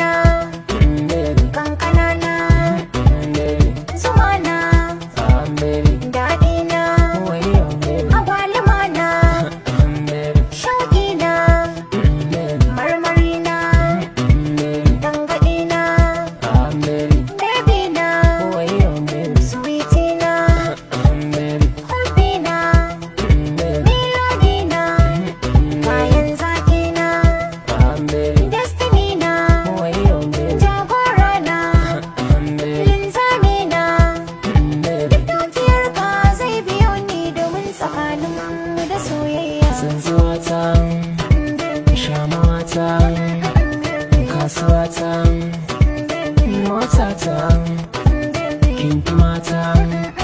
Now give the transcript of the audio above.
a. tsinzuwata shamawata kasuwata motata kintumata